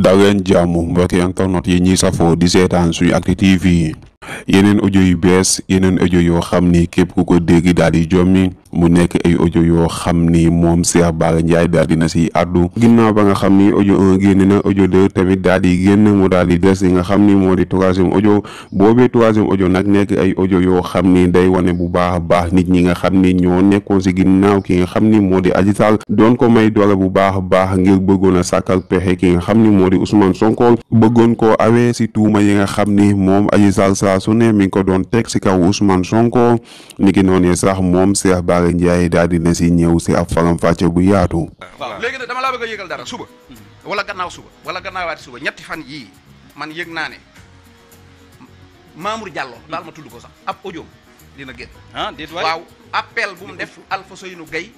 daleen jàmm mbokki internet yi ñuy safoo di seetaan suñu Actu TV yeneen audio yu bees yeneen audio yoo xam ni képp ku ko dégg daal di jommi mu nekk ay audio yoo xam ni moom Cheikh Bara Ndiaye daal dina si àddu ginnaaw ba nga xam ni audio 1 génn na audio tamit daal di génn mu daal di des yi nga xam ni moo di troisième audio boobee troisième audio nag nekk ay audio yoo xam ni day wane bu baax a baax nit ñi nga xam ni ñoo nekkoon si ginnaaw ki nga xam ni moo di Adji Sarr doon ko may doole bu baax a baax ngir bëggoon a sàkkal pexe ki nga xam ni moo di Ousmane Sonko bëggoon koo awee si tuuma yi nga xam ni moom Adji Sarr saa su ne mi ngi ko doon teg ci kaw Ousmane Sonko ni ki noonu sax moom Cheikh Bara Ndiaye daal di na si ñëw si ab faram-fàcce bu yaatu. waaw léegi nag dama laa bëgg a yëgal dara suba. wala gannaaw suba suba ñetti fan yi man yëg naa ne Mamour Diallo daal ma tudd ko sax ab audio dina génn. Ah, waaw appel bu mu def Alpha Seynou Gueye.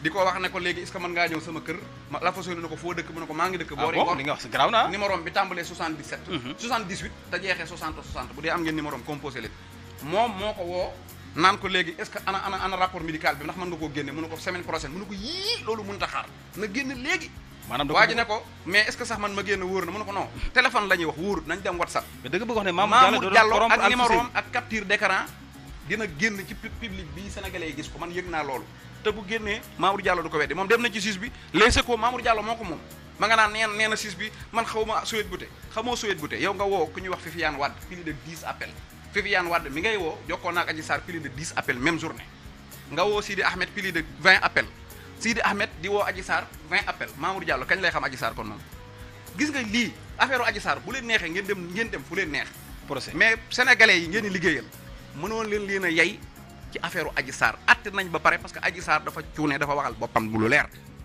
di ko wax ne ko léegi est-ce que mën ngaa ñëw sama kër ma la façon ne ko foo dëkk mu ne ko maa ngi dëkk boori ah ngor li nga wax si garaaw naa numéro bi tàmbalee 77 78 mhm. te jeexee 60 bu dee am ngeen numéro composé moom moo ko woo naan ko léegi est que ana ana rapport médical bi ndax mën nga koo génne mu ne ko semaine prochaine mu ne ko yii loolu mënut a xaar na génn léegi maanaam waa ji ne ko mais est que sax man ma génn wóor naa loolu te bu génnee Mamour Diallo du ko weddi moom dem na ci siis bi les secours Mamour Diallo moo ko moom ma nga naan neen nee na siis bi man xaw ma Sohit Bouté xamoo Sohit Bouté yow nga woo ku ñuy wax Viviane Wade plus de 10 appels Viviane Wade mi ngay woo jokkoo naak Adji Sarr plus de 10 appels même journée nga woo Sidi Ahmed plus de 20 appels Ahmed di woo Adji Sarr 20 appels Mamour Diallo kañ lay xam Adji Sarr gis nga lii affaire Adji Sarr bu leen neexee ngeen dem ngeen dem fu leen neex procès mais sénégalais yi ngeen di liggéeyal mënoon leen leen a ci affaire u Adji Sarr atte nañ ba pare parce que Adji Sarr dafa cuune dafa waxal boppam bu lu leer